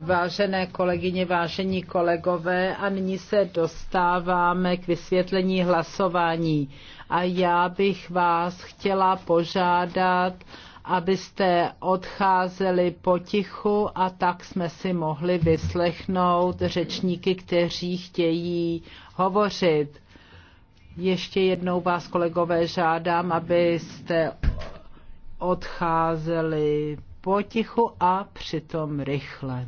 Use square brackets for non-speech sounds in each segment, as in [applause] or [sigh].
Vážené kolegyně, vážení kolegové, a nyní se dostáváme k vysvětlení hlasování. A já bych vás chtěla požádat, abyste odcházeli potichu a tak jsme si mohli vyslechnout řečníky, kteří chtějí hovořit. Ještě jednou vás, kolegové, žádám, abyste odcházeli potichu a přitom rychle.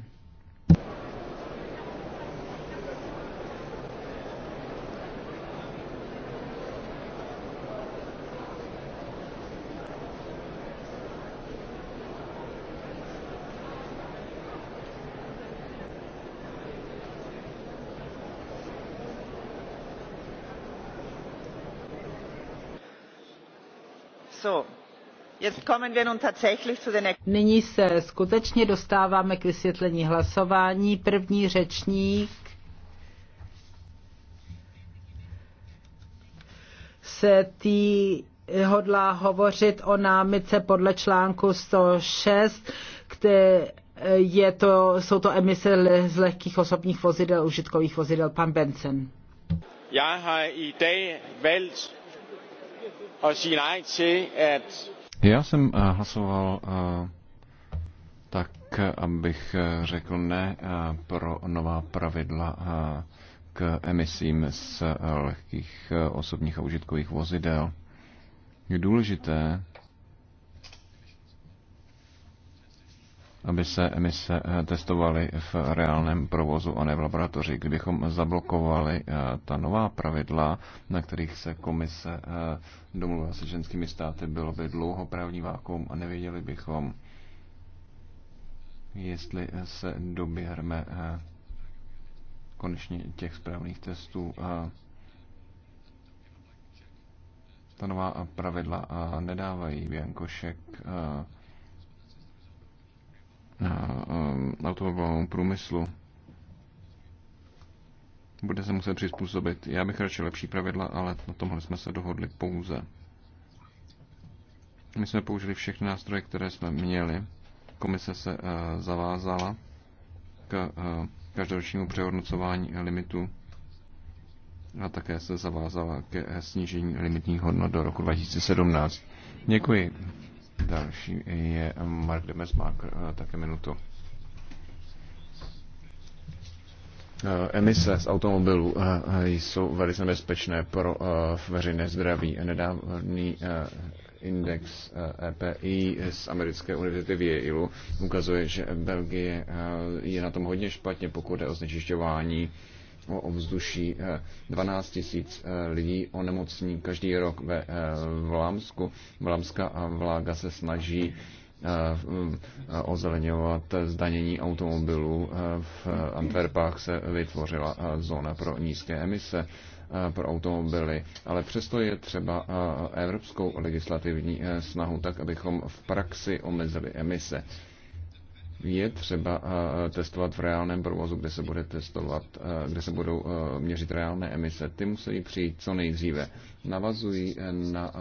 Nyní se skutečně dostáváme k vysvětlení hlasování. První řečník se tý hodlá hovořit o námice podle článku 106, kde je to, jsou to emise z lehkých osobních vozidel, užitkových vozidel. Pan Benson. Já har i dag valgt at sige nej til, at já jsem eh, hlasoval eh, tak, abych eh, řekl ne pro nová pravidla k emisím z lehkých osobních a užitkových vozidel. Je důležité, aby se emise eh, testovaly v reálném provozu a ne v laboratoři. Kdybychom zablokovali eh, ta nová pravidla, na kterých se komise eh, domluvila se ženskými státy, bylo by dlouho právní vákum a nevěděli bychom, jestli se doběhneme konečně těch správných testů. Ta nová pravidla nedávají věnkošek na eh, automobilovému průmyslu. Bude se muset přizpůsobit. Já bych radši lepší pravidla, ale na tomhle jsme se dohodli pouze. My jsme použili všechny nástroje, které jsme měli. Komise se eh, zavázala k eh, každoročnímu přehodnocování limitu a také se zavázala ke snížení limitních hodnot do roku 2017. Děkuji. Další je Mark Demesmark, eh, také minutu. Eh, emise z automobilů eh, jsou velice nebezpečné pro veřejné zdraví. Nedávný index EPI e z americké univerzity v Yale ukazuje, že Belgie je na tom hodně špatně, pokud je o znečišťování o ovzduší. 12 eh, tisíc eh, lidí onemocní každý rok ve eh, Vlámsku. Vlámská vláda se snaží ozeleňovat zdanění automobilů. V Antwerpách se vytvořila zóna pro nízké emise pro automobily, ale přesto je třeba evropskou legislativní snahu tak, abychom v praxi omezili emise je třeba eh, testovat v reálném provozu, kde se bude testovat, eh, kde se budou eh, měřit reálné emise. Ty musí přijít co nejdříve. Navazují na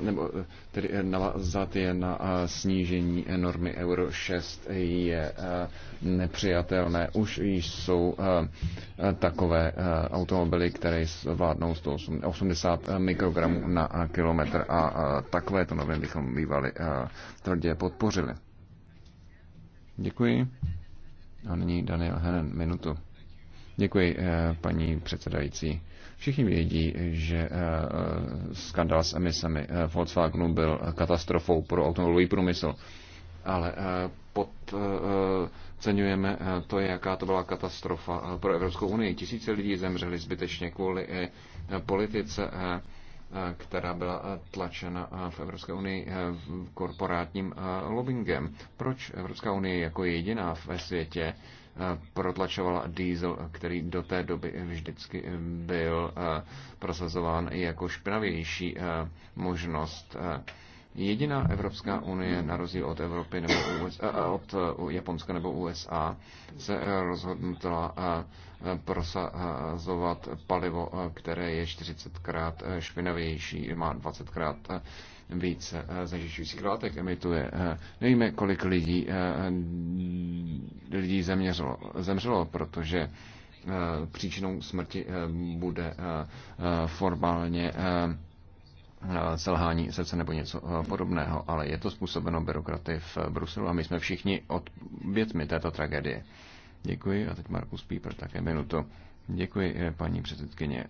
nebo tedy navazat je na snížení normy Euro 6 je nepřijatelné. Už jsou takové automobily, které zvládnou 180 mikrogramů na kilometr a takové to normy bychom bývali tvrdě podpořili. Děkuji. A nyní Daniel Henen, minutu. Děkuji, eh, paní předsedající. Všichni vědí, že eh, skandál s emisemi eh, Volkswagenu byl katastrofou pro automobilový průmysl, ale podceňujeme to, jaká to byla katastrofa pro Evropskou unii. Tisíce lidí zemřeli zbytečně kvůli politice která byla eh, tlačena eh, v Evropské unii eh, korporátním lobbyingem. Proč Evropská unie jako jediná ve světě protlačovala diesel, který do té doby vždycky byl prosazován jako špinavější možnost Jediná Evropská unie, na rozdíl od Evropy nebo USA, eh, od eh, Japonska nebo USA, se eh, rozhodla prosazovat palivo, které je 40krát špinavější, má 20krát více zažišujících látek emituje. Nevíme, kolik lidí, lidí zeměřilo, zemřelo, protože příčinou smrti bude formálně Eh, selhání srdce nebo něco eh, podobného, ale je to způsobeno byrokraty v Bruselu a my jsme všichni odvětmi této tragédie. Děkuji a teď Markus Píper také minutu. Děkuji, eh, paní předsedkyně.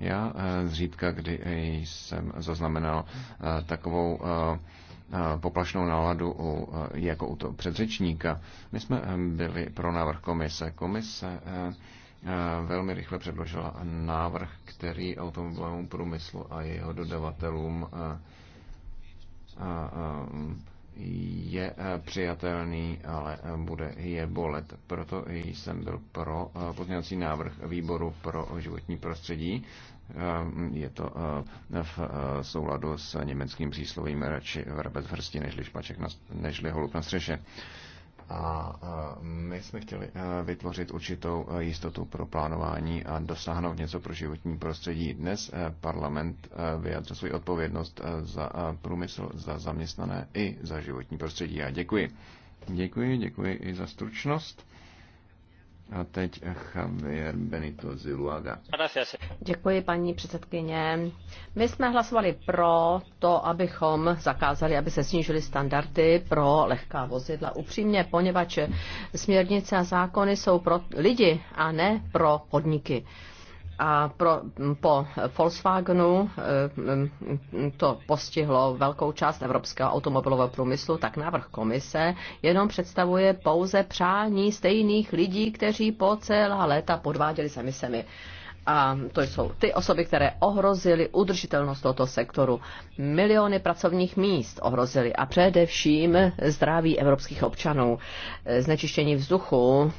Já zřídka, kdy jsem zaznamenal takovou poplašnou náladu u, jako u toho předřečníka. My jsme byli pro návrh komise. Komise Eh, velmi rychle předložila návrh, který automobilovému průmyslu a jeho dodavatelům eh, eh, je přijatelný, ale bude je bolet. Proto jsem byl pro pozměňovací návrh výboru pro životní prostředí. Je to v souladu s německým příslovím radši vrbet v hrsti, nežli špaček na, nežli holub na střeše. A my jsme chtěli vytvořit určitou jistotu pro plánování a dosáhnout něco pro životní prostředí. Dnes parlament vyjadřuje svou odpovědnost za průmysl, za zaměstnané i za životní prostředí. Já děkuji. Děkuji, děkuji i za stručnost. A teď Javier Benito Ziluaga. Děkuji, paní předsedkyně. My jsme hlasovali pro to, abychom zakázali, aby se snížily standardy pro lehká vozidla. Upřímně, poněvadž směrnice a zákony jsou pro lidi a ne pro podniky. A pro, po Volkswagenu eh, to postihlo velkou část evropského automobilového průmyslu, tak návrh komise jenom představuje pouze přání stejných lidí, kteří po celá léta podváděli s emisemi a to jsou ty osoby, které ohrozily udržitelnost tohoto sektoru. Miliony pracovních míst ohrozily a především zdraví evropských občanů. Znečištění vzduchu,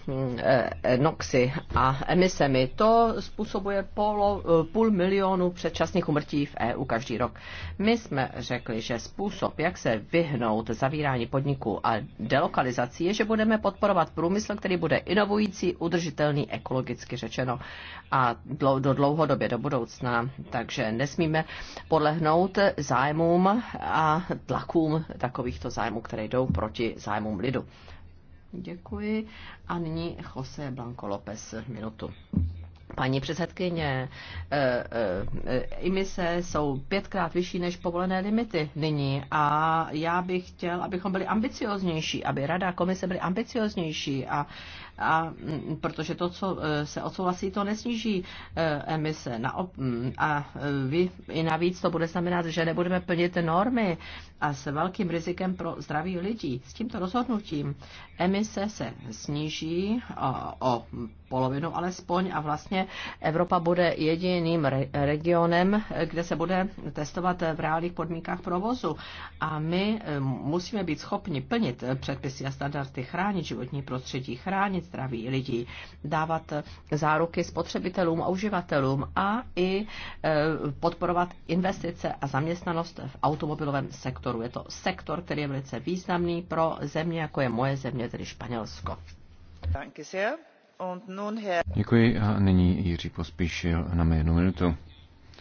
noxy a emisemi, to způsobuje polo, půl milionu předčasných umrtí v EU každý rok. My jsme řekli, že způsob, jak se vyhnout zavírání podniků a delokalizací, je, že budeme podporovat průmysl, který bude inovující, udržitelný, ekologicky řečeno. A do dlouhodobě, do budoucna. Takže nesmíme podlehnout zájmům a tlakům takovýchto zájmů, které jdou proti zájmům lidu. Děkuji. A nyní Jose Blanco López, minutu. Paní předsedkyně, e, e, e, imise jsou pětkrát vyšší než povolené limity nyní a já bych chtěl, abychom byli ambicioznější, aby Rada a Komise byly ambicioznější a a mm, protože to, co e, se odsouhlasí, to nesníží e, emise. Mm, a e, vy i navíc to bude znamenat, že nebudeme plnit normy a s velkým rizikem pro zdraví lidí. S tímto rozhodnutím emise se sníží o, o polovinu alespoň a vlastně Evropa bude jediným re- regionem, kde se bude testovat v reálných podmínkách provozu. A my musíme být schopni plnit předpisy a standardy, chránit životní prostředí, chránit zdraví lidí, dávat záruky spotřebitelům a uživatelům a i e, podporovat investice a zaměstnanost v automobilovém sektoru. Je to sektor, který je velice významný pro země, jako je moje země, tedy Španělsko. Děkuji a nyní Jiří Pospíšil na jednu minutu.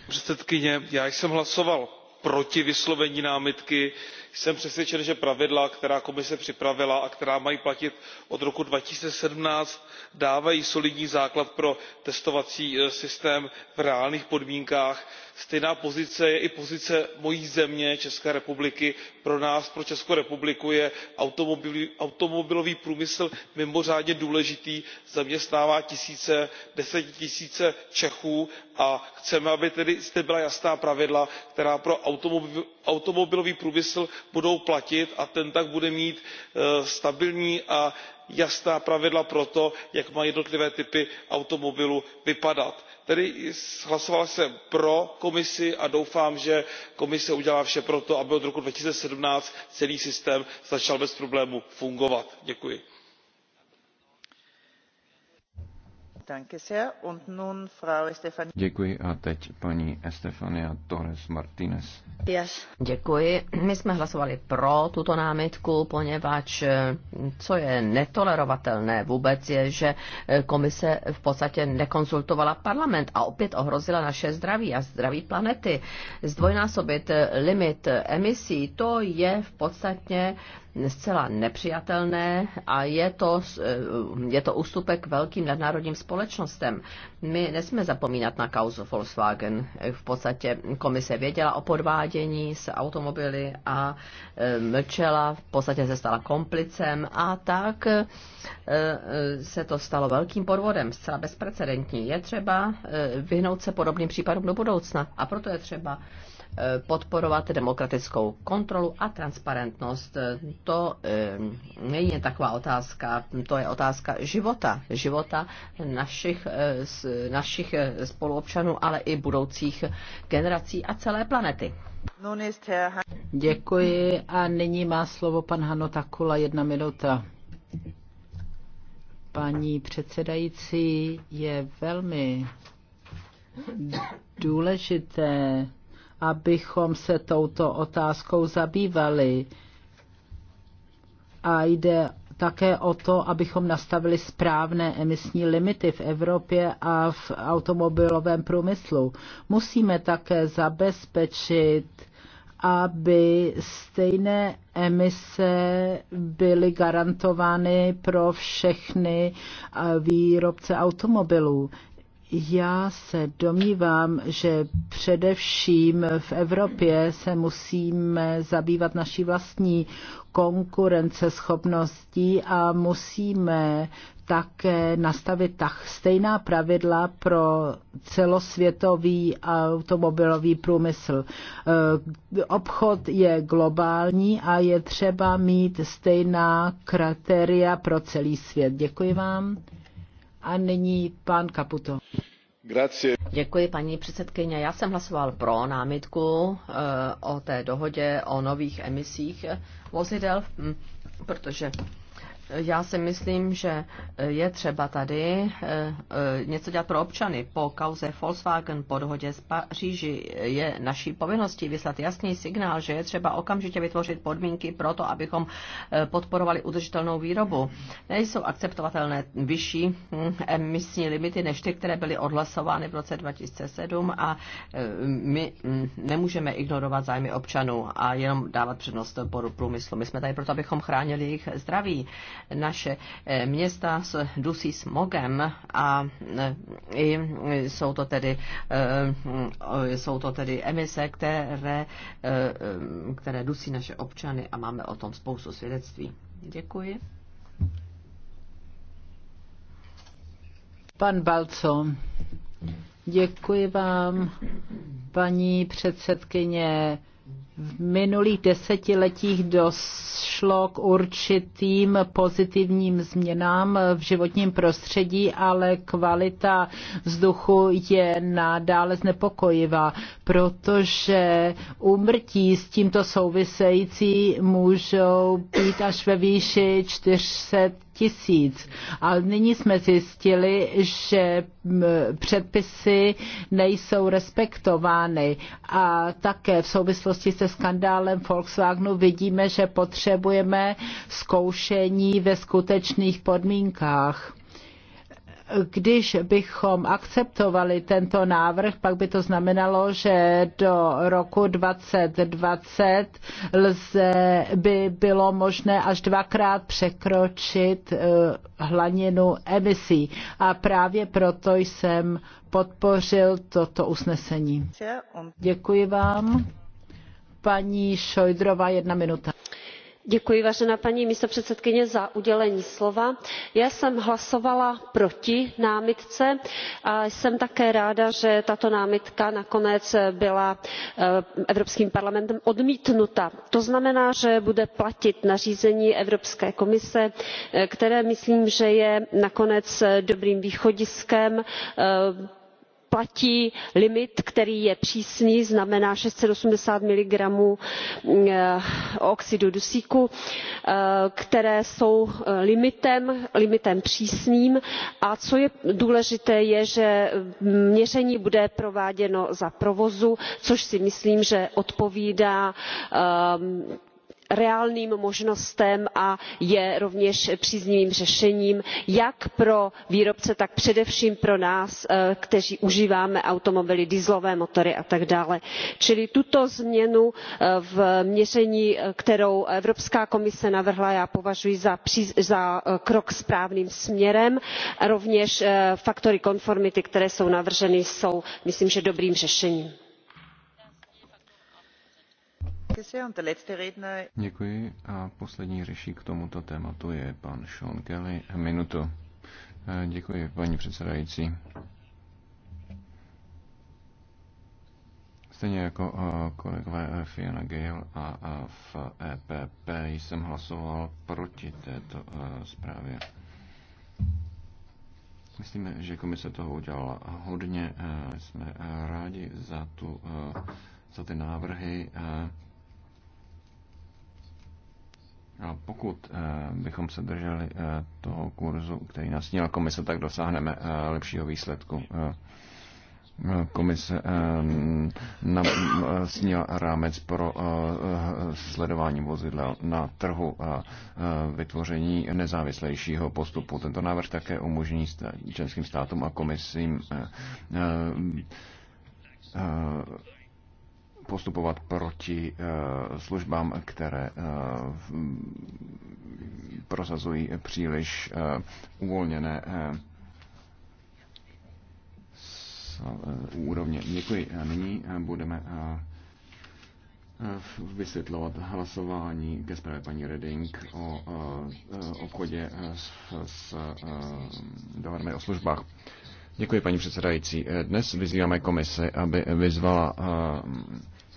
Předsedkyně, já jsem hlasoval proti vyslovení námitky jsem přesvědčen že pravidla která komise připravila a která mají platit od roku two thousand and seventeen dávají solidní základ pro testovací e, systém v reálných podmínkách. stejná pozice je i pozice mojí země české republiky. pro nás pro českou republiku je automobilový průmysl mimořádně důležitý zaměstnává tisíce desetitisíce čechů a chceme aby zde byla jasná pravidla která pro automobilový průmysl budou platit a ten tak bude mít eh, stabilní a jasná pravidla pro to jak mají jednotlivé typy automobilů vypadat. tedy hlasoval jsem pro komisi a doufám že komise udělá vše pro to aby od roku two thousand and seventeen celý systém začal bez problémů fungovat. děkuji. Děkuji a teď paní Estefania Torres Martinez. Yes. Děkuji. My jsme hlasovali pro tuto námitku, poněvadž eh, co je netolerovatelné vůbec je, že eh, komise v podstatě nekonsultovala parlament a opět ohrozila naše zdraví a zdraví planety. Zdvojnásobit eh, limit emisí, to je v podstatě zcela nepřijatelné a je to, je to ústupek velkým nadnárodním společnostem společnostem. My nesmíme zapomínat na kauzu Volkswagen. V podstatě komise věděla o podvádění s automobily a e, mlčela, v podstatě se stala komplicem a tak e, e, se to stalo velkým podvodem, zcela bezprecedentní. Je třeba vyhnout se podobným případům do budoucna a proto je třeba Eh, podporovat demokratickou kontrolu a transparentnost. To eh, není taková otázka, to je otázka života, života našich, eh, našich spoluobčanů, ale i budoucích generací a celé planety. Děkuji a nyní má slovo pan Hano Takula, jedna minuta. Paní předsedající, je velmi důležité abychom se touto otázkou zabývali. A jde také o to, abychom nastavili správné emisní limity v Evropě a v automobilovém průmyslu. Musíme také zabezpečit, aby stejné emise byly garantovány pro všechny eh, výrobce automobilů. Já se domnívám, že především v Evropě se musíme zabývat naší vlastní konkurenceschopností a musíme také nastavit tak stejná pravidla pro celosvětový automobilový průmysl. Eh, obchod je globální a je třeba mít stejná kritéria pro celý svět. Děkuji vám. A nyní pan Kaputo. Grazie. Děkuji, paní předsedkyně. Já jsem hlasoval pro námitku eh, o té dohodě o nových emisích vozidel, hm, protože já si myslím, že eh, je třeba tady eh, eh, něco dělat pro občany. Po kauze Volkswagen po dohodě z Paříži je naší povinností vyslat jasný signál, že je třeba okamžitě vytvořit podmínky pro to, abychom podporovali udržitelnou výrobu. Nejsou akceptovatelné vyšší hm, emisní limity než ty, které byly odhlasovány v roce 2007 a my hm, nemůžeme ignorovat zájmy občanů a jenom dávat přednost průmyslu. My jsme tady proto, abychom chránili jejich zdraví naše eh, města s dusí smogem a eh, i jsou to tedy, eh, jsou to tedy emise, které, které dusí naše občany a máme o tom spoustu svědectví. Děkuji. Pan Balco, děkuji vám, paní předsedkyně v minulých desetiletích došlo k určitým pozitivním změnám v životním prostředí, ale kvalita vzduchu je nadále znepokojivá, protože úmrtí s tímto související můžou být až ve výši 400 tisíc. A nyní jsme zjistili, že předpisy nejsou respektovány a také v souvislosti se se skandálem Volkswagenu vidíme, že potřebujeme zkoušení ve skutečných podmínkách když bychom akceptovali tento návrh, pak by to znamenalo, že do roku 2020 lze, by bylo možné až dvakrát překročit eh, hlaninu emisí. A právě proto jsem podpořil toto usnesení. Děkuji vám paní šojdrová jedna minuta. Děkuji, vážená paní předsedající já jsem hlasovala proti námitce a jsem také ráda že tato námitka nakonec byla eh, evropským parlamentem odmítnuta. to znamená že bude platit nařízení evropské komise eh, které myslím že je nakonec eh, dobrým východiskem pro platí limit který je přísný znamená six hundred and eighty mg oxidu dusíku eh, které jsou eh, limitem přísným a co je důležité je že mm, měření bude prováděno za provozu což si myslím že odpovídá ehm, reálným možnostem a je rovněž příznivým řešením jak pro výrobce tak především pro nás eh, kteří užíváme automobily dieselové motory a tak dále. čili tuto změnu eh, v měření eh, kterou evropská komise navrhla já považuji za krok správným směrem. rovněž faktory konformity které jsou navrženy jsou myslím že dobrým řešením. Děkuji a poslední řeší k tomuto tématu je pan Sean Kelly. Minutu. E, děkuji, paní předsedající. Stejně jako e, kolegové Fiona Gale a v EPP jsem hlasoval proti této e, zprávě. Myslíme, že komise toho udělala hodně. Jsme rádi za, tu, za ty návrhy. A pokud eh, bychom se drželi eh, toho kurzu, který nás měl komise, tak dosáhneme eh, lepšího výsledku. Komise snil rámec pro sledování vozidel na trhu a vytvoření nezávislejšího postupu. Tento návrh také umožní členským státům a komisím postupovat proti eh, službám, které eh, prosazují příliš eh, uvolněné úrovně. Děkuji. nyní budeme vysvětlovat hlasování ke zprávě paní Reding o obchodě s, s dohodami o službách. Děkuji, paní předsedající. Dnes vyzýváme komisi, aby vyzvala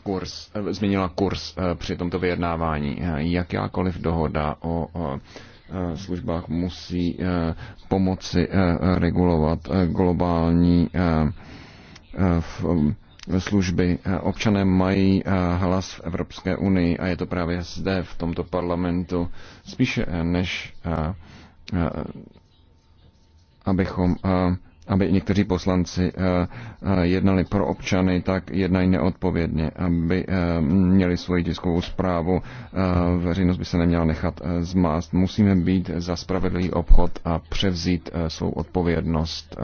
kurz, eh, změnila kurz eh, při tomto vyjednávání. Eh, jakákoliv dohoda o službách musí pomoci regulovat globální služby. Občané mají hlas v Evropské unii a je to právě zde v tomto parlamentu spíše než abychom aby někteří poslanci eh, eh, jednali pro občany, tak jednají neodpovědně, aby eh, měli svoji tiskovou zprávu. Veřejnost by se neměla nechat zmást. Musíme být za spravedlivý obchod a převzít svou odpovědnost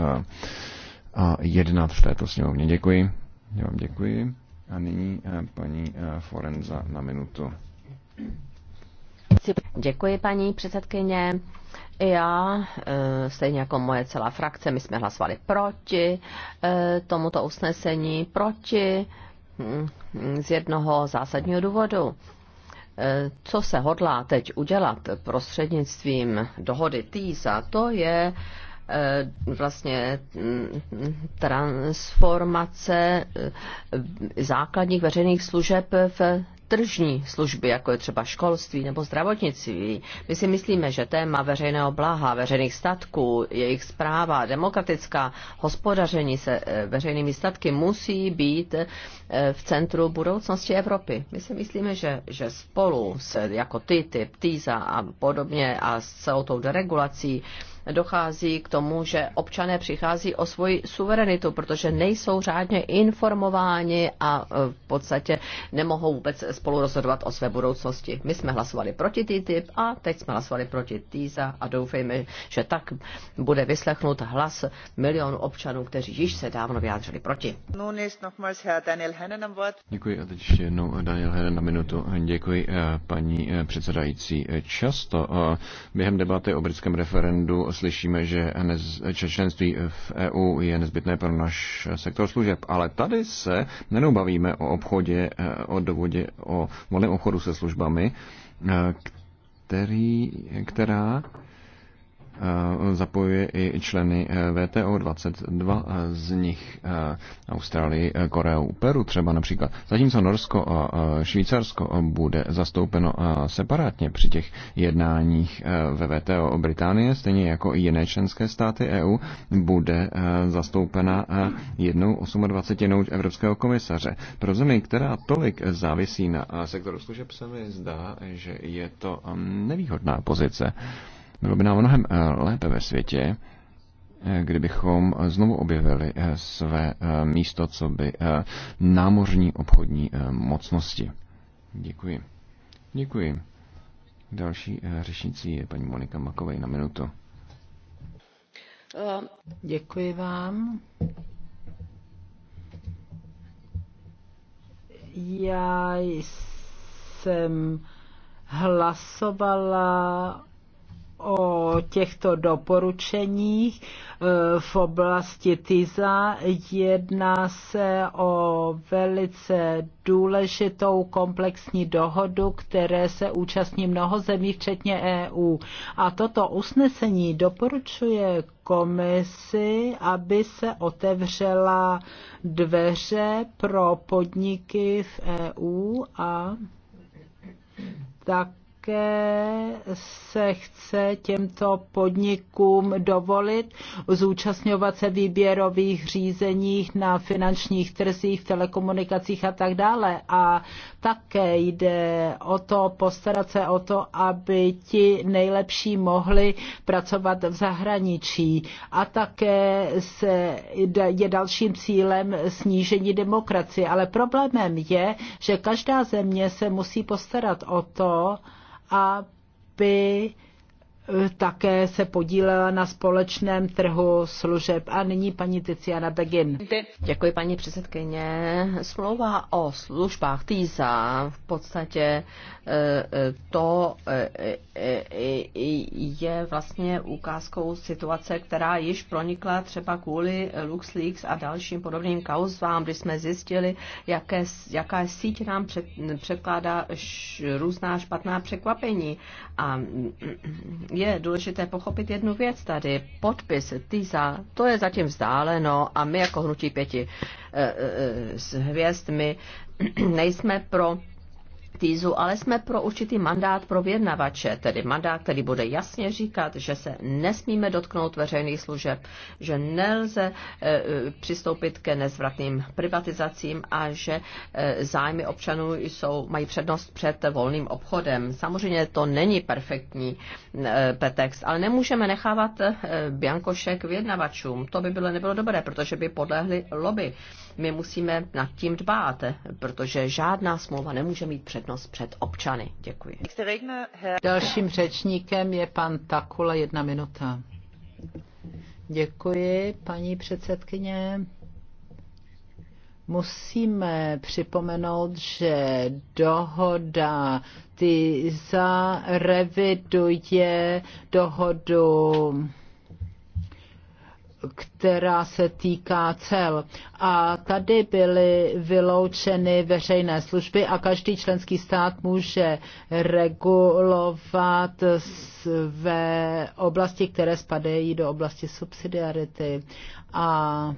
a jednat v této sněmovně. Děkuji. Já vám děkuji. A nyní paní Forenza na minutu. Děkuji, paní předsedkyně. Já, e, stejně jako moje celá frakce, my jsme hlasovali proti e, tomuto usnesení, proti mm, z jednoho zásadního důvodu. E, co se hodlá teď udělat prostřednictvím dohody TISA, to je vlastně mm, transformace základních veřejných služeb v tržní služby, jako je třeba školství nebo zdravotnictví. My si myslíme, že téma veřejného blaha, veřejných statků, jejich zpráva, demokratická hospodaření se eh, veřejnými statky musí být eh, v centru budoucnosti Evropy. My si myslíme, že, že spolu se jako ty týza a podobně a s celou tou deregulací dochází k tomu, že občané přichází o svoji suverenitu, protože nejsou řádně informováni a e, v podstatě nemohou vůbec spolu rozhodovat o své budoucnosti. My jsme hlasovali proti TTIP a teď jsme hlasovali proti TISA a doufejme, že tak bude vyslechnut hlas milionů občanů, kteří již se dávno vyjádřili proti. Děkuji a teď ještě jednou eh, Daniel Henen na minutu. Děkuji eh, paní eh, předsedající. Často během debaty o britském referendu slyšíme, že členství v EU je nezbytné pro náš sektor služeb, ale tady se nenou bavíme o obchodě, eh, o dovodě, o volném obchodu se službami, eh, který, která Eh, zapojuje i členy eh, VTO, 22 eh, z nich Austrálii, Koreu, Peru třeba například. Zatímco Norsko a Švýcarsko bude zastoupeno separátně při těch jednáních ve VTO Británie, stejně jako i jiné členské státy EU, bude zastoupena jednou 28 Evropského komisaře. Pro zemi, která tolik závisí na sektoru služeb, se mi zdá, že je to mm, nevýhodná pozice. Bylo by nám mnohem eh, lépe ve světě, eh, kdybychom znovu objevili eh, své místo, co by námořní obchodní mocnosti. Děkuji. Děkuji. Další řešnicí je paní Monika Makovej na minutu. Děkuji vám. Já jsem hlasovala o těchto doporučeních e, v oblasti TISA. Jedná se o velice důležitou komplexní dohodu, které se účastní mnoho zemí, včetně EU. A toto usnesení doporučuje komisi, aby se otevřela dveře pro podniky v EU a tak také se chce těmto podnikům dovolit zúčastňovat se výběrových řízeních na finančních trzích, telekomunikacích a tak dále. A také jde o to postarat se o to, aby ti nejlepší mohli pracovat v zahraničí. A také se, je dalším cílem snížení demokracie. Ale problémem je, že každá země se musí postarat o to, a B také se podílela na společném trhu služeb. A nyní paní Tiziana Begin. Děkuji paní předsedkyně. Smlouva o službách TISA v podstatě e, e, to e, je vlastně ukázkou situace, která již pronikla třeba kvůli LuxLeaks a dalším podobným kauzvám, kdy jsme zjistili, jaké, jaká síť nám před, předkládá š, různá špatná překvapení. A je důležité pochopit jednu věc tady. Podpis TISA, to je zatím vzdáleno a my jako hnutí pěti eh, eh, s hvězdmi [clears throat] nejsme pro týzu, ale jsme pro určitý mandát pro vyjednavače, tedy mandát, který bude jasně říkat, že se nesmíme dotknout veřejných služeb, že nelze e, e přistoupit ke nezvratným privatizacím a že e, zájmy občanů jsou, mají přednost před volným obchodem. Samozřejmě to není perfektní e, petext, ale nemůžeme nechávat e, biankošek vyjednavačům. To by bylo nebylo dobré, protože by podlehli lobby. E, my musíme nad tím dbát, protože žádná smlouva nemůže mít přednost před občany. Děkuji. Dalším řečníkem je pan Takula, jedna minuta. Děkuji, paní předsedkyně. Musíme připomenout, že dohoda ty zareviduje dohodu která se týká cel. A tady byly vyloučeny veřejné služby a každý členský stát může regulovat ve oblasti, které spadají do oblasti subsidiarity. A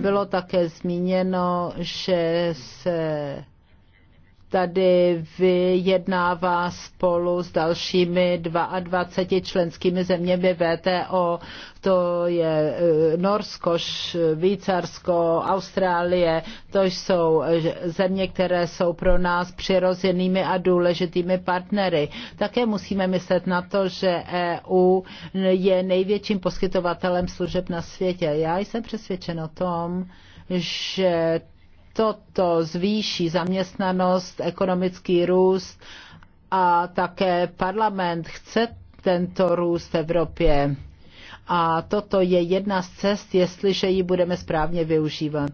bylo také zmíněno, že se tady vyjednává spolu s dalšími 22 členskými zeměmi VTO. To je e, Norsko, Švýcarsko, Austrálie. To jsou e, země, které jsou pro nás přirozenými a důležitými partnery. Také musíme myslet na to, že EU je největším poskytovatelem služeb na světě. Já jsem přesvědčen o tom, že toto zvýší zaměstnanost, ekonomický růst a také parlament chce tento růst v Evropě. A toto je jedna z cest, jestliže ji budeme správně využívat.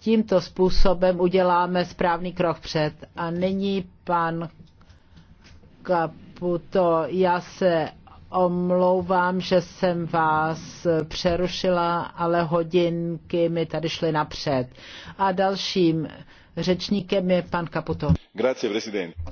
Tímto způsobem uděláme správný krok před. A nyní pan Kaputo, já se omlouvám, že jsem vás přerušila, ale hodinky mi tady šly napřed. A dalším řečníkem je pan Kaputo.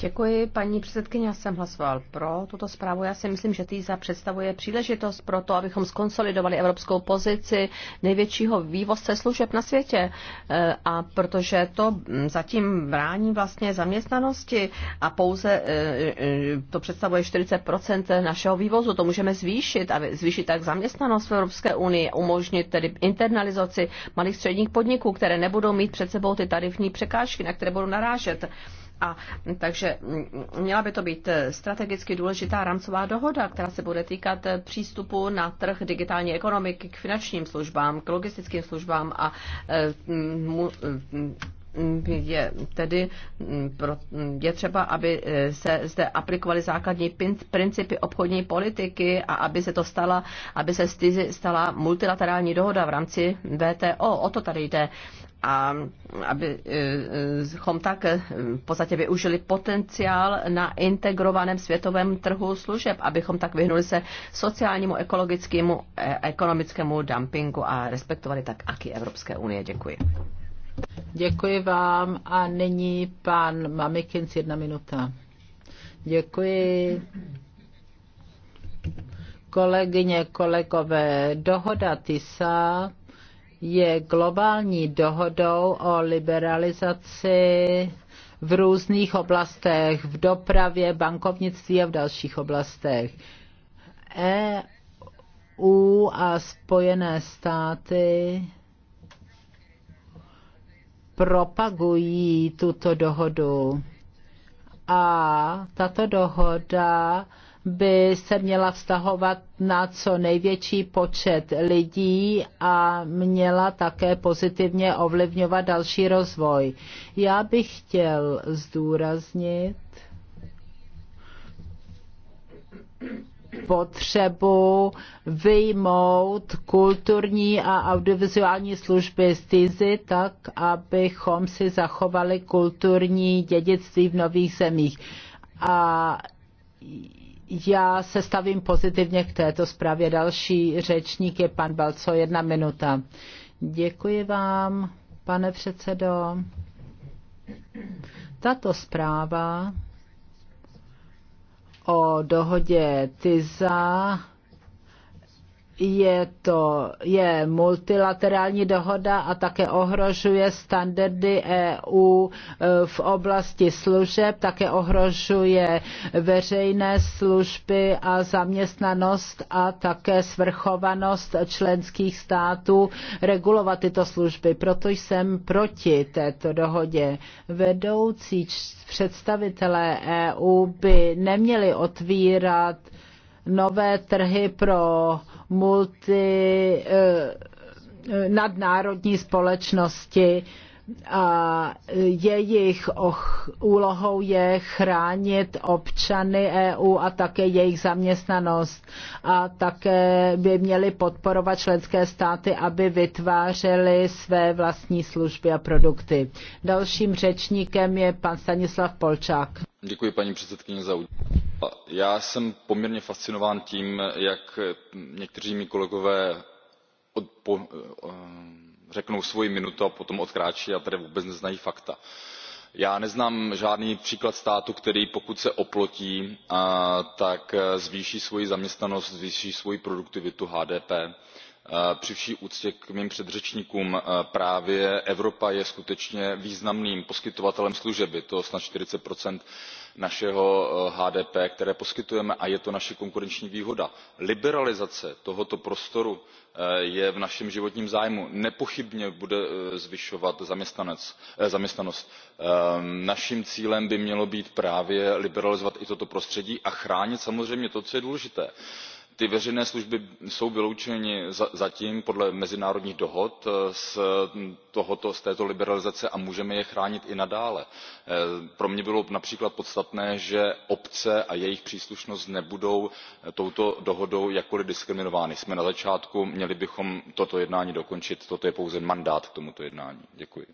Děkuji, paní předsedkyně, já jsem hlasoval pro tuto zprávu. Já si myslím, že TISA představuje příležitost pro to, abychom skonsolidovali evropskou pozici největšího vývozce služeb na světě. Eh, a protože to hm, zatím brání vlastně zaměstnanosti a pouze eh, eh, to představuje 40 našeho vývozu, to můžeme zvýšit a zvýšit tak zaměstnanost v Evropské unii, umožnit tedy internalizaci malých středních podniků, které nebudou mít před sebou ty tarifní překážky, na které budou narážet. A takže mm, měla by to být eh, strategicky důležitá rámcová dohoda, která se bude týkat eh, přístupu na trh digitální ekonomiky k finančním službám, k logistickým službám a eh, je tedy mm, je třeba, aby se zde aplikovaly základní principy obchodní politiky a aby se to stala, aby se stala multilaterální dohoda v rámci VTO. O to tady jde a abychom e, e, tak e, v podstatě využili potenciál na integrovaném světovém trhu služeb, abychom tak vyhnuli se sociálnímu, ekologickému, ekonomickému dumpingu a respektovali tak aky Evropské unie. Děkuji. Děkuji vám a nyní pan Mamikins jedna minuta. Děkuji. Kolegyně, kolegové, dohoda TISA je globální dohodou o liberalizaci v různých oblastech, v dopravě, bankovnictví a v dalších oblastech. EU a Spojené státy propagují tuto dohodu. A tato dohoda by se měla vztahovat na co největší počet lidí a měla také pozitivně ovlivňovat další rozvoj. Já bych chtěl zdůraznit potřebu vyjmout kulturní a audiovizuální služby z TIZY tak, abychom si zachovali kulturní dědictví v nových zemích. A já se stavím pozitivně k této zprávě. Další řečník je pan Balco, jedna minuta. Děkuji vám, pane předsedo. Tato zpráva o dohodě TISA je to je multilaterální dohoda a také ohrožuje standardy EU e, v oblasti služeb, také ohrožuje veřejné služby a zaměstnanost a také svrchovanost členských států regulovat tyto služby. Proto jsem proti této dohodě. Vedoucí představitelé EU by neměli otvírat nové trhy pro multi eh, eh, nadnárodní společnosti a e, jejich úlohou je chránit občany EU a také jejich zaměstnanost. A také by měly podporovat členské státy, aby vytvářely své vlastní služby a produkty. Dalším řečníkem je pan Stanislav Polčák. Děkuji paní předsedkyni za úděl. já jsem poměrně fascinován tím jak někteří mi kolegové odpo, e, řeknou svoji minutu a potom odkráčejí a tady vůbec neznají fakta. já neznám žádný příklad státu který pokud se oplotí tak e, zvýší svoji zaměstnanost zvýší svoji produktivitu hdp. E, při vší úctě k mým předřečníkům e, právě evropa je skutečně významným poskytovatelem služeb je to snad forty našeho hdp které poskytujeme a je to naše konkurenční výhoda. liberalizace tohoto prostoru Eh, je v našem životním zájmu nepochybně bude eh, zvyšovat eh, zaměstnanost. Ehm, naším cílem by mělo být právě liberalizovat i toto prostředí a chránit samozřejmě to co je důležité tj ty veřejné služby jsou vyloučeny zatím podle mezinárodních dohod eh, hm, z této liberalizace a můžeme je chránit i nadále. Eh, pro mě bylo například podstatné že obce a jejich příslušnost nebudou eh, touto dohodou jakkoliv diskriminovány. jsme na začátku měli bychom toto jednání dokončit toto je pouze mandát k tomuto jednání. děkuji.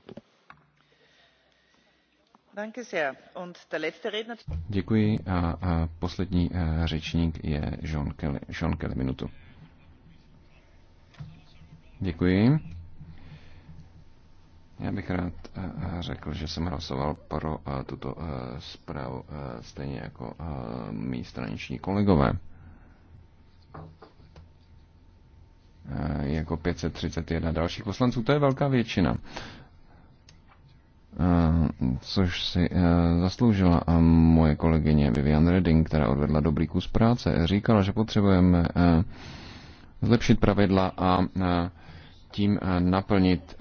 Děkuji a, a poslední e, řečník je John Kelly. John Kelly, minutu. Děkuji. Já bych rád e, řekl, že jsem hlasoval pro e, tuto zprávu stejně jako mý straniční kolegové. Jako 531 dalších poslanců, to je velká většina. Eh, což si eh, zasloužila a eh, moje kolegyně Vivian Redding, která odvedla dobrý kus práce, říkala, že potřebujeme zlepšit pravidla a tím naplnit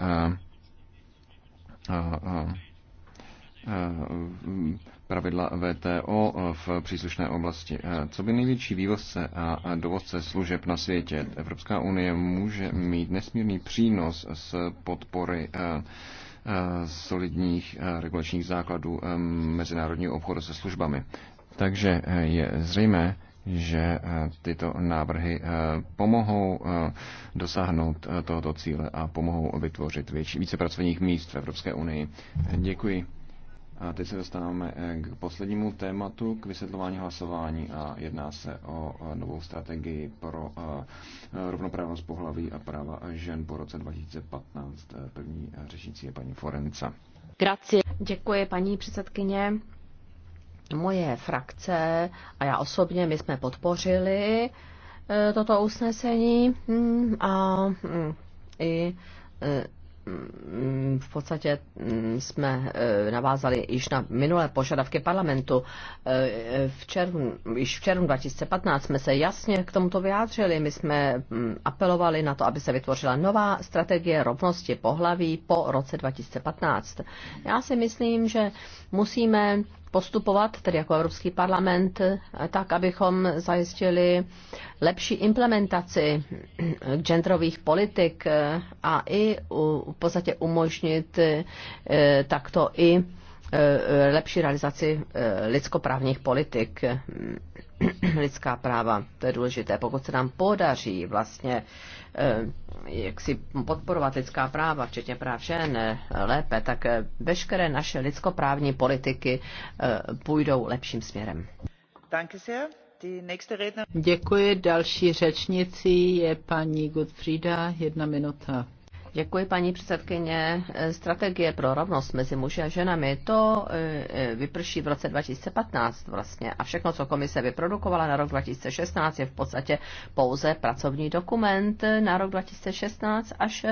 pravidla VTO v příslušné oblasti. Co by největší vývozce a dovozce služeb na světě? Evropská unie může mít nesmírný přínos z podpory Eh, solidních eh, regulačních základů eh, mezinárodního obchodu se službami. Takže je zřejmé, že tyto návrhy pomohou dosáhnout tohoto cíle a pomohou vytvořit větší, více pracovních míst v Evropské unii. Děkuji. A teď se dostáváme eh, k poslednímu tématu, k vysvětlování hlasování a jedná se o eh, novou strategii pro eh, rovnoprávnost pohlaví a práva žen po roce 2015. První řešící je paní Forenca. Grazie. Děkuji, paní předsedkyně. Moje frakce a já osobně, my jsme podpořili toto usnesení hm, a hm, i Mm, v podstatě mm, jsme eh, navázali již na minulé požadavky parlamentu. Eh, v červnu, již v červnu 2015 jsme se jasně k tomuto vyjádřili. My jsme mm, apelovali na to, aby se vytvořila nová strategie rovnosti pohlaví po roce 2015. Já si myslím, že musíme postupovat, tedy jako Evropský parlament, tak, abychom zajistili lepší implementaci genderových politik a i v podstatě umožnit eh, takto i Eh, lepší realizaci eh, lidskoprávních politik, eh, [clears throat] lidská práva, to je důležité. Pokud se nám podaří vlastně jak si podporovat lidská práva, včetně práv žen, lépe, tak veškeré naše lidskoprávní politiky půjdou lepším směrem. Děkuji. Další řečnicí je paní Gottfrieda. Jedna minuta. Děkuji, paní předsedkyně. Strategie pro rovnost mezi muži a ženami, to e, e, vyprší v roce 2015 vlastně. A všechno, co komise vyprodukovala na rok 2016, je v podstatě pouze pracovní dokument na rok 2016 až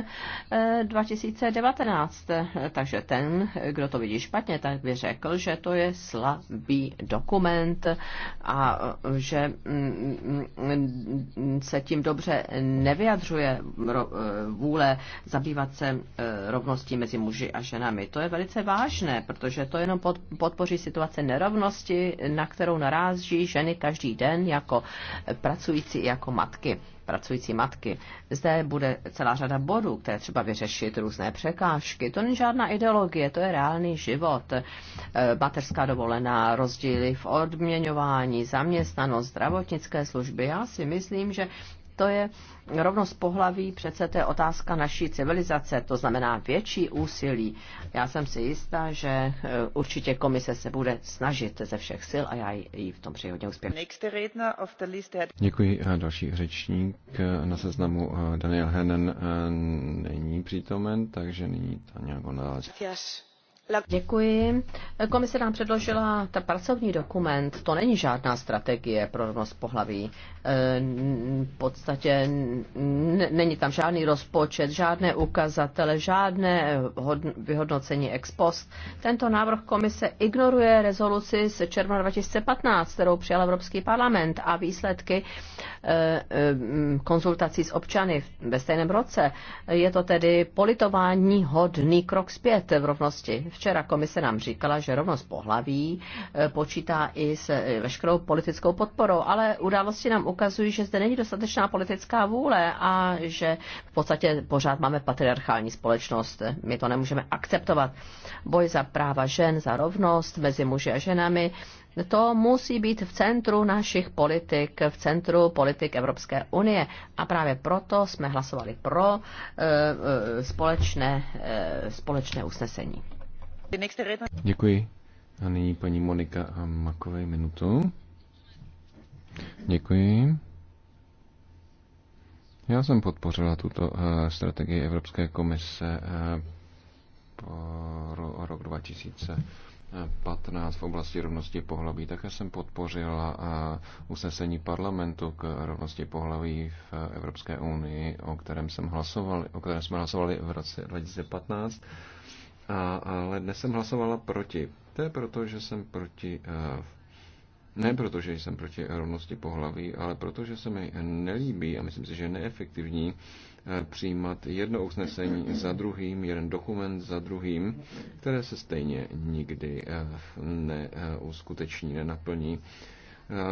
2019. E, Takže ten, kdo to vidí špatně, tak by řekl, že to je slabý dokument a že mm, mm, se tím dobře nevyjadřuje vůle zabývat se e, rovností mezi muži a ženami. To je velice vážné, protože to jenom podpoří situace nerovnosti, na kterou naráží ženy každý den jako pracující, jako matky pracující matky. Zde bude celá řada bodů, které třeba vyřešit, různé překážky. To není žádná ideologie, to je reálný život. E, mateřská dovolená, rozdíly v odměňování, zaměstnanost, zdravotnické služby. Já si myslím, že to je rovnost pohlaví, přece to je otázka naší civilizace, to znamená větší úsilí. Já jsem si jistá, že eh, určitě komise se bude snažit ze všech sil a já jí v tom přeji hodně úspěch. Děkuji. A eh, další řečník eh, na seznamu Daniel Henen není přítomen, takže nyní ta González. Děkuji. Komise nám předložila ta pracovní dokument, to není žádná strategie pro rovnost pohlaví. E, v podstatě není tam žádný rozpočet, žádné ukazatele, žádné vyhodnocení ex post. Tento návrh komise ignoruje rezoluci z června 2015, kterou přijal Evropský parlament a výsledky e, e, konzultací s občany ve stejném roce. Je to tedy politování hodný krok zpět v rovnosti Včera komise nám říkala, že rovnost pohlaví e, počítá i s e, veškerou politickou podporou, ale události nám ukazují, že zde není dostatečná politická vůle a že v podstatě pořád máme patriarchální společnost. My to nemůžeme akceptovat. Boj za práva žen, za rovnost mezi muži a ženami, to musí být v centru našich politik, v centru politik Evropské unie. A právě proto jsme hlasovali pro e, společné, společné usnesení. Děkuji. A nyní paní Monika Makové minutu. Děkuji. Já jsem podpořila tuto eh, strategii Evropské komise eh, pro rok 2015 v oblasti rovnosti pohlaví. Také jsem podpořila eh, usnesení parlamentu k rovnosti pohlaví v Evropské unii, o kterém, jsem hlasoval, o kterém jsme hlasovali v roce 2015 a, ale dnes jsem hlasovala proti. To je proto, že jsem proti. Ne proto, že jsem proti rovnosti pohlaví, ale proto, že se mi nelíbí a myslím si, že je neefektivní e, přijímat jedno usnesení za druhým, jeden dokument za druhým, které se stejně nikdy e, neuskuteční, e, nenaplní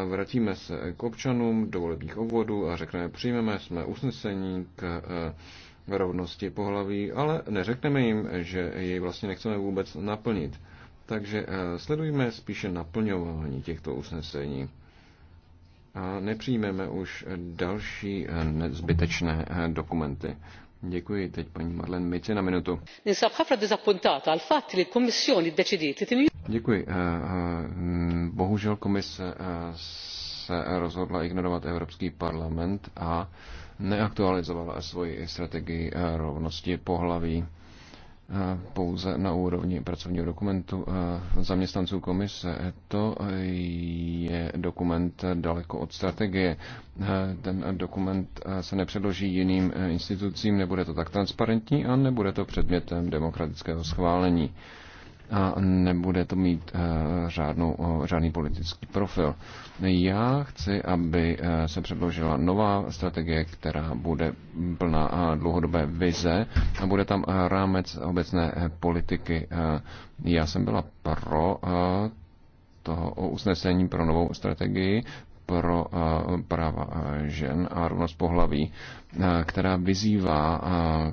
vrátíme se k občanům do volebních obvodů a řekneme, přijmeme jsme usnesení k v rovnosti pohlaví, ale neřekneme jim, že jej vlastně nechceme vůbec naplnit. Takže eh, sledujeme spíše naplňování těchto usnesení a nepřijmeme už další eh, zbytečné eh, dokumenty. Děkuji teď paní Marlen Mici na minutu. Děkuji. Bohužel komise se rozhodla ignorovat Evropský parlament a neaktualizovala svoji strategii eh, rovnosti pohlaví eh, pouze na úrovni pracovního dokumentu eh, zaměstnanců komise. To je dokument daleko od strategie. Ten dokument se nepředloží jiným institucím, nebude to tak transparentní a nebude to předmětem demokratického schválení a nebude to mít eh, řádnou, eh, žádný politický profil. Já chci, aby eh, se předložila nová strategie, která bude plná dlouhodobé vize a bude tam rámec obecné politiky. Já jsem byla pro toho usnesení pro novou strategii pro práva žen a rovnost pohlaví, která vyzývá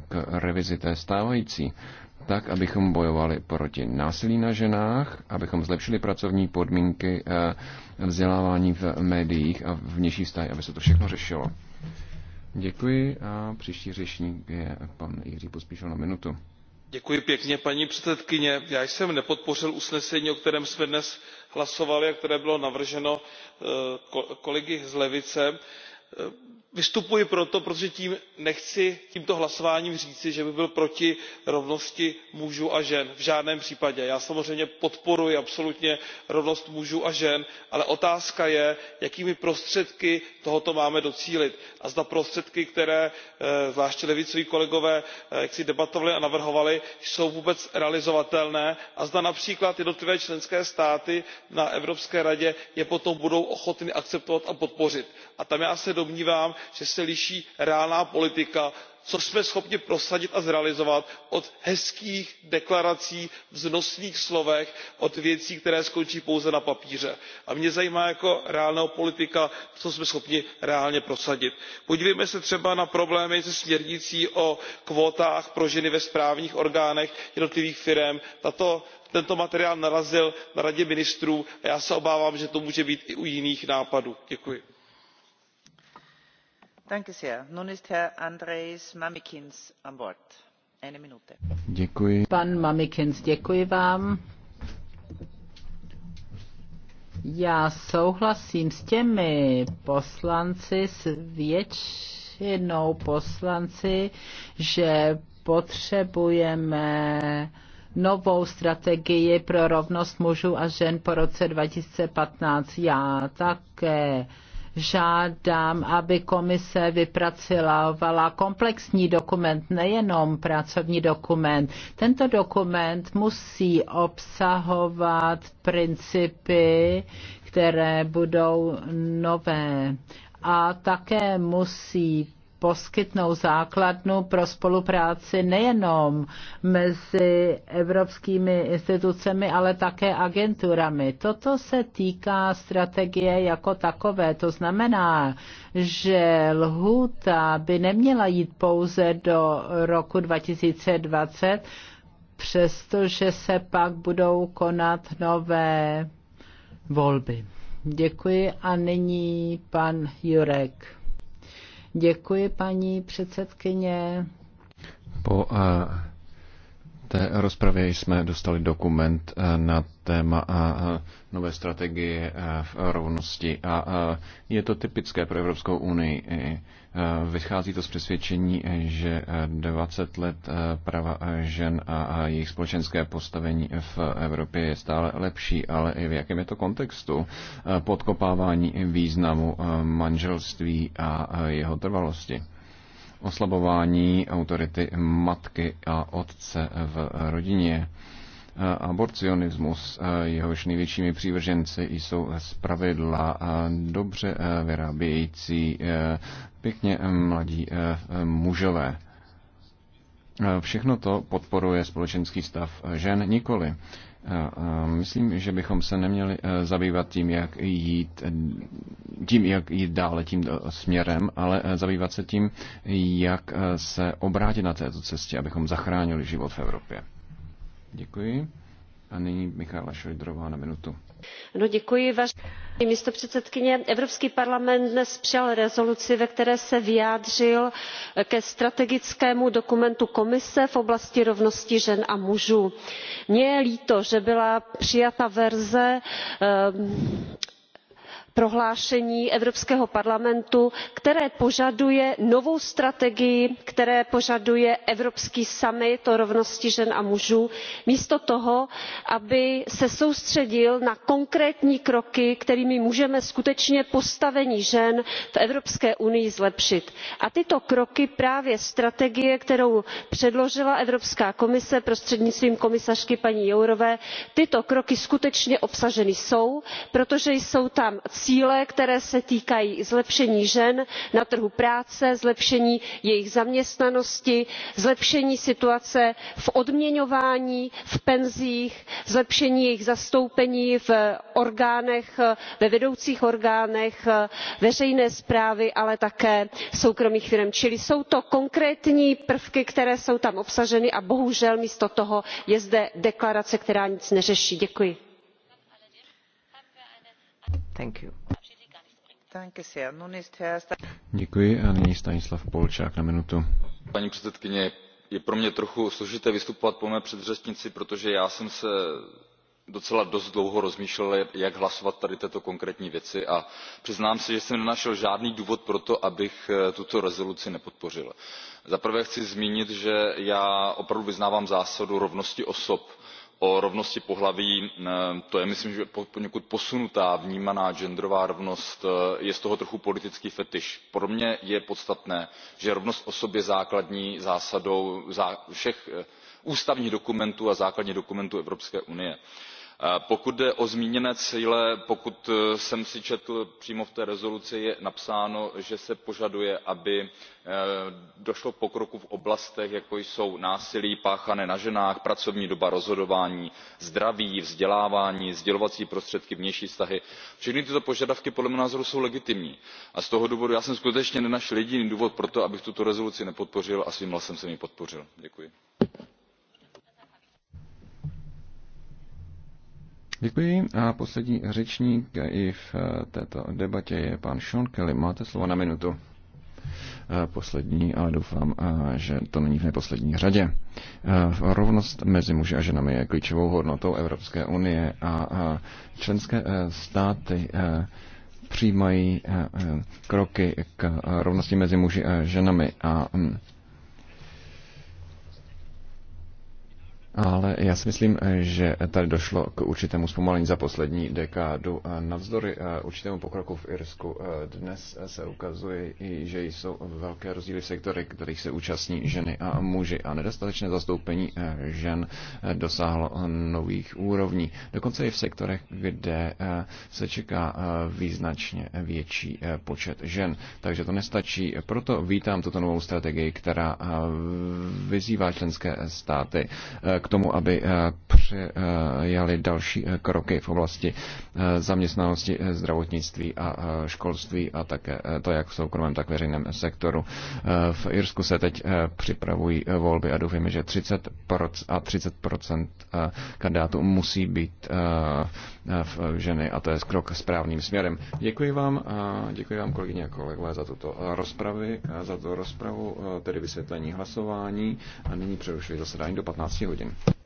k revizi té stávající tak, abychom bojovali proti násilí na ženách, abychom zlepšili pracovní podmínky eh, vzdělávání v médiích a v nižší stáji, aby se to všechno řešilo. Děkuji a příští řečník je pan Jiří Pospíšil na minutu. Děkuji pěkně, paní předsedkyně. Já jsem nepodpořil usnesení, o kterém jsme dnes hlasovali a které bylo navrženo eh, kolegy z levice vystupuji proto protože nechci tímto hlasováním říci že bych byl proti rovnosti mužů a žen v žádném případě. já samozřejmě podporuji absolutně rovnost mužů a žen ale otázka je jakými prostředky tohoto máme docílit a zda prostředky které eh, zvláště levicoví kolegové eh, debatovali a navrhovali jsou vůbec realizovatelné a zda například jednotlivé členské státy na evropské radě je potom budou ochotny akceptovat a podpořit. a tam já se domnívám že se liší reálná politika co jsme schopni prosadit a zrealizovat od hezkých deklarací vznosných slov od věcí které skončí pouze na papíře. a mě zajímá jako reálného politika co jsme schopni reálně prosadit. podívejme se třeba na problémy se směrnicí o kvótách pro ženy ve správních orgánech jednotlivých firem. tento materiál narazil na radě ministrů a já se obávám že to může být i u jiných nápadů. děkuji. Pan Mamikins, děkuji vám. Já souhlasím s těmi poslanci, s většinou poslanci, že potřebujeme novou strategii pro rovnost mužů a žen po roce 2015. Já také žádám, aby komise vypracovala komplexní dokument, nejenom pracovní dokument. Tento dokument musí obsahovat principy, které budou nové a také musí poskytnou základnu pro spolupráci nejenom mezi evropskými institucemi, ale také agenturami. Toto se týká strategie jako takové. To znamená, že lhůta by neměla jít pouze do roku 2020, přestože se pak budou konat nové volby. Děkuji a nyní pan Jurek. Děkuji, paní předsedkyně. Po uh, té rozpravě jsme dostali dokument eh, na téma eh, eh, nové strategie v rovnosti a je to typické pro Evropskou unii. Vychází to z přesvědčení, že 20 let prava žen a jejich společenské postavení v Evropě je stále lepší, ale i v jakém je to kontextu podkopávání významu manželství a jeho trvalosti oslabování autority matky a otce v rodině. Aborcionismus, jehož největšími přívrženci jsou zpravidla dobře e, vyrábějící, e, pěkně e, mladí mužové. Všechno to podporuje společenský stav žen nikoli. Myslím, že bychom se neměli e, zabývat tím, jak jít, e, tím, jak jít dále tím e, směrem, ale zabývat se tím, jak se obrátit na této cestě, abychom zachránili život v Evropě. Děkuji. A nyní Michála Šojdrová na minutu paní no, předsedající Evropský parlament dnes přijal rezoluci, ve které se vyjádřil ke strategickému dokumentu komise v oblasti rovnosti žen a mužů. Mně je líto, že byla přijata verze ehm, prohlášení evropského parlamentu které požaduje novou strategii které požaduje evropský summit o rovnosti žen a mužů místo toho aby se soustředil na konkrétní kroky kterými můžeme skutečně postavení žen v evropské unii zlepšit. a tyto kroky právě strategie kterou předložila evropská komise prostřednictvím komisařky paní jourové skutečně obsaženy jsou protože jsou tam cíle které se týkají zlepšení žen na trhu práce zlepšení jejich zaměstnanosti zlepšení situace v odměňování v penzích zlepšení jejich zastoupení ve vedoucích orgánech veřejné správy ale také soukromých firem čili jsou to konkrétní prvky které jsou tam obsaženy a bohužel místo toho je zde deklarace která nic neřeší. děkuji. Děkuji Polčák na minutu. Paní předsedkyně, je pro mě trochu složité vystupovat po mé předřečnici, protože já jsem se docela dost dlouho rozmýšlel jak hlasovat tady v této konkrétní věci a přiznám se že jsem nenašel žádný důvod pro to abych eh, tuto rezoluci nepodpořil. za prvé chci zmínit že já opravdu vyznávám zásadu rovnosti osob o rovnosti pohlaví eh, to je myslím poněkud posunutá vnímaná genderová rovnost eh, je z toho trochu politický fetiš. pro mě je podstatné že rovnost osob je základní zásadou všech eh, ústavních dokumentů a základních dokumentů evropské unie. Eh, pokud jde o zmíněné cíle pokud eh, jsem si četl přímo v té rezoluci je napsáno že se požaduje aby eh, došlo k pokroku v oblastech jako jsou násilí páchané na ženách pracovní doba rozhodování zdraví vzdělávání sdělovací prostředky vnější vztahy. všechny tyto požadavky podle mého názoru jsou legitimní a z toho důvodu já jsem skutečně nenašel jediný důvod pro to abych tuto rezoluci nepodpořil a svým hlasem jsem ji podpořil. děkuji. Děkuji a poslední řečník i v eh, této debatě je pan Sean Kelly. Máte slovo na minutu eh, poslední a doufám, eh, že to není v neposlední řadě. Rovnost mezi muži a ženami je klíčovou hodnotou Evropské unie a členské státy přijímají kroky k rovnosti mezi muži a ženami a mm, ale já si myslím, eh, že tady došlo k určitému zpomalení za poslední dekádu. Eh, navzdory eh, určitému pokroku v Irsku dnes se ukazuje, že jsou velké rozdíly v sektory, kterých se účastní ženy a muži a nedostatečné zastoupení žen dosáhlo nových úrovní. Dokonce i v sektorech, kde se čeká význačně větší počet žen. Takže to nestačí. Proto vítám tuto novou strategii, která vyzývá členské státy k tomu, aby aby eh, přijali další eh, kroky v oblasti eh, zaměstnanosti, zdravotnictví a školství a také to, jak v soukromém, tak veřejném sektoru. V Irsku se teď připravují volby a doufáme, že 30 a 30 kandidátů musí být v ženy a to je krok správným směrem. Děkuji vám, děkuji vám kolegyně a kolegové za tuto rozpravy, za tuto rozpravu, tedy vysvětlení hlasování a nyní přerušuji zasedání do 15 hodin.